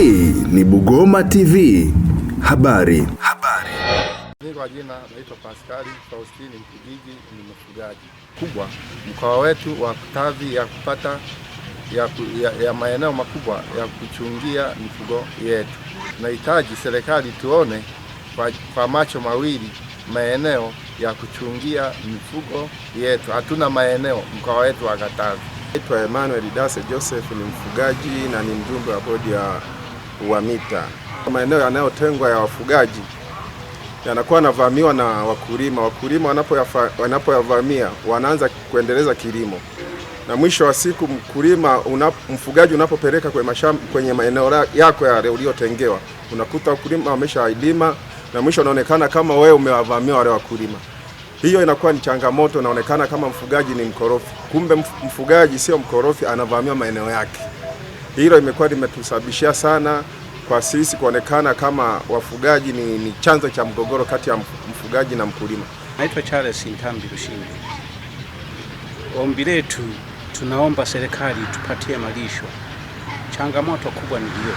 Hii ni Bugoma TV. Habari. Habari. Mimi kwa jina naitwa Paskari Faustini Mkijiji, ni mfugaji kubwa. Mkoa wetu wa kadhi ya kupata ya, ya, ya maeneo makubwa ya kuchungia mifugo yetu. Tunahitaji serikali tuone kwa, kwa macho mawili maeneo ya kuchungia mifugo yetu. Hatuna maeneo mkoa wetu wa Katavi. Naitwa Emmanuel Dase Joseph, ni mfugaji na ni mjumbe wa bodi ya wa mita. Maeneo yanayotengwa ya wafugaji yanakuwa yanavamiwa na wakulima. Wakulima wanapoyavamia wanaanza kuendeleza kilimo, na mwisho wa siku mkulima unap, mfugaji unapopeleka kwenye mashamba, kwenye maeneo yako yale uliyotengewa, unakuta wakulima wameshailima, na mwisho unaonekana kama wewe umewavamia wale wakulima. Hiyo inakuwa ni changamoto, naonekana kama mfugaji ni mkorofi, kumbe mfugaji sio mkorofi, anavamia maeneo yake hilo imekuwa limetusababishia sana kwa sisi kuonekana kama wafugaji ni, ni chanzo cha mgogoro kati ya mfugaji na mkulima. Naitwa Charles Ntambi Rushinde. Ombi letu tunaomba serikali tupatie malisho, changamoto kubwa ni hiyo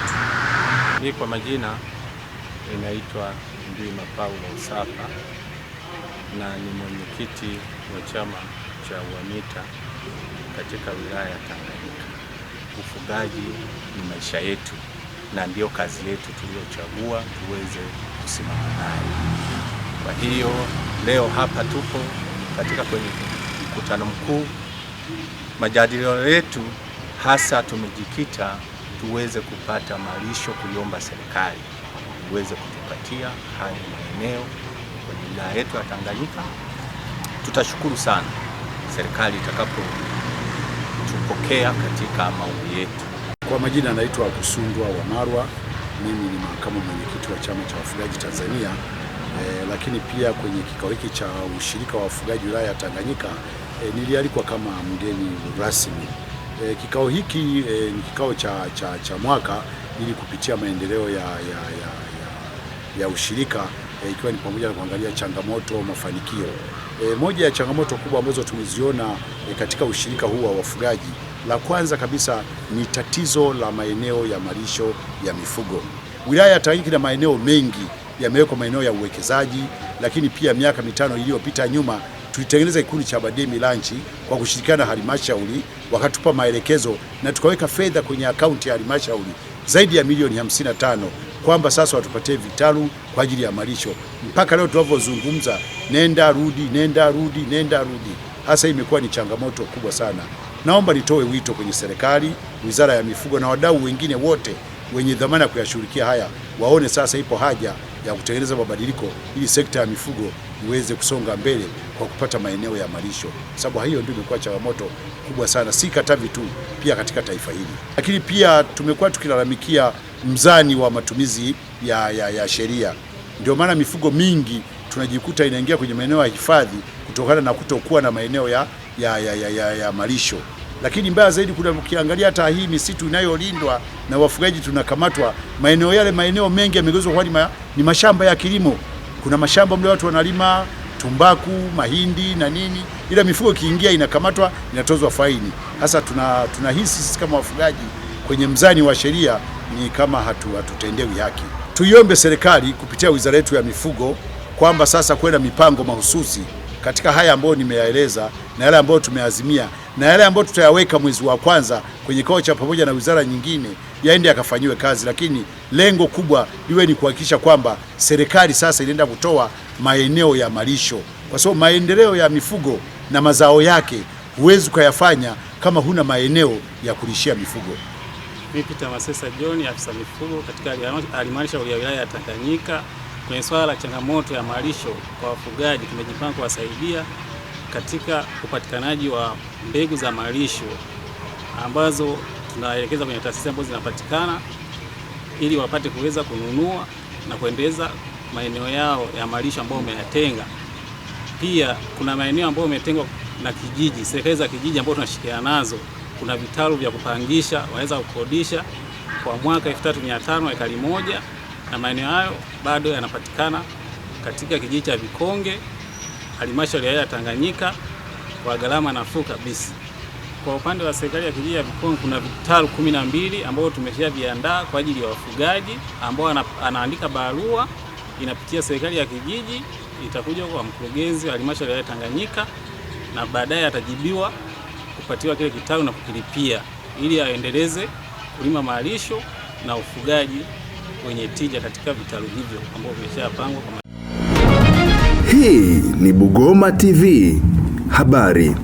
tu. kwa majina inaitwa Ndima Paulo Usafa na ni mwenyekiti wa chama cha UAMITA katika wilaya ya Tanganyika. Ufugaji ni maisha yetu na ndiyo kazi yetu tuliyochagua tuweze kusimama nayo. Kwa hiyo leo hapa tupo katika kwenye mkutano mkuu, majadiliano yetu hasa tumejikita tuweze kupata malisho, kuiomba serikali iweze kutupatia haya maeneo kwenye wilaya yetu ya Tanganyika. Tutashukuru sana serikali itakapo kutupokea katika maombi yetu. Kwa majina anaitwa Kusundwa wa marwa mimi ni makamu mwenyekiti wa chama cha wafugaji Tanzania. E, lakini pia kwenye kikao hiki cha ushirika wa wafugaji wilaya ya Tanganyika e, nilialikwa kama mgeni rasmi. E, kikao hiki e, ni kikao cha, cha, cha mwaka ili kupitia maendeleo ya, ya, ya, ya, ya ushirika e, ikiwa ni pamoja na kuangalia changamoto, mafanikio. E, moja ya changamoto kubwa ambazo tumeziona e, katika ushirika huu wa wafugaji, la kwanza kabisa ni tatizo la maeneo ya malisho ya mifugo. Wilaya ya Tarangire na maeneo mengi yamewekwa maeneo ya uwekezaji, lakini pia miaka mitano iliyopita nyuma tulitengeneza kikundi cha Bademi Ranch kwa kushirikiana na halmashauri, wakatupa maelekezo na tukaweka fedha kwenye akaunti ya halmashauri zaidi ya milioni 55 kwamba sasa watupatie vitalu kwa ajili ya malisho. Mpaka leo tunavyozungumza, nenda rudi, nenda rudi, nenda rudi, hasa imekuwa ni changamoto kubwa sana. Naomba nitoe wito kwenye serikali, wizara ya mifugo na wadau wengine wote wenye dhamana ya kuyashughulikia haya, waone sasa ipo haja ya kutengeneza mabadiliko ili sekta ya mifugo iweze kusonga mbele kwa kupata maeneo ya malisho, sababu hiyo ndio imekuwa changamoto kubwa sana, si Katavi tu, pia katika taifa hili. Lakini pia tumekuwa tukilalamikia mzani wa matumizi ya, ya, ya sheria. Ndio maana mifugo mingi tunajikuta inaingia kwenye maeneo ya hifadhi kutokana na kutokuwa na maeneo ya, ya, ya, ya, ya, ya malisho. Lakini mbaya zaidi, kuna ukiangalia hata hii misitu inayolindwa na wafugaji tunakamatwa, maeneo yale, maeneo mengi yamegeuzwa kuwa ma, ni mashamba ya kilimo. Kuna mashamba mle watu wanalima tumbaku, mahindi na nini, ila mifugo ikiingia inakamatwa, inatozwa faini. Hasa tunahisi tuna sisi kama wafugaji kwenye mzani wa sheria ni kama hatu hatutendewi haki. Tuiombe serikali kupitia wizara yetu ya mifugo kwamba sasa kuwe na mipango mahususi katika haya ambayo nimeyaeleza na yale ambayo tumeazimia na yale ambayo tutayaweka mwezi wa kwanza kwenye kikao cha pamoja na wizara nyingine yaende yakafanyiwe kazi, lakini lengo kubwa liwe ni kuhakikisha kwamba serikali sasa inaenda kutoa maeneo ya malisho, kwa sababu maendeleo ya mifugo na mazao yake huwezi ukayafanya kama huna maeneo ya kulishia mifugo. Mimi Peter Masesa John, afisa mifugo katika halmashauri ya wilaya ya Tanganyika. Kwenye swala la changamoto ya malisho kwa wafugaji, tumejipanga kuwasaidia katika upatikanaji wa mbegu za malisho ambazo tunaelekeza kwenye taasisi ambazo zinapatikana ili wapate kuweza kununua na kuendeleza maeneo yao ya malisho ambayo umeyatenga. Pia kuna maeneo ambayo umetengwa na kijiji, serikali za kijiji ambayo tunashirikiana nazo kuna vitalu vya kupangisha, wanaweza kukodisha kwa mwaka 3500 ekari moja, na maeneo hayo bado yanapatikana katika kijiji cha Vikonge, halmashauri ya Tanganyika kwa gharama nafuu kabisa. Kwa upande wa serikali ya kijiji ya Vikonge kuna vitalu 12 na mbili ambavyo tumeshaviandaa kwa ajili ya wafugaji ambao anaandika barua inapitia serikali ya kijiji, itakuja kwa mkurugenzi wa halmashauri ya Tanganyika na baadaye atajibiwa kupatiwa kile kitalu na kukilipia ili aendeleze kulima malisho na ufugaji wenye tija katika vitalu hivyo ambavyo vimeshapangwa. Hii ni Bugoma TV habari.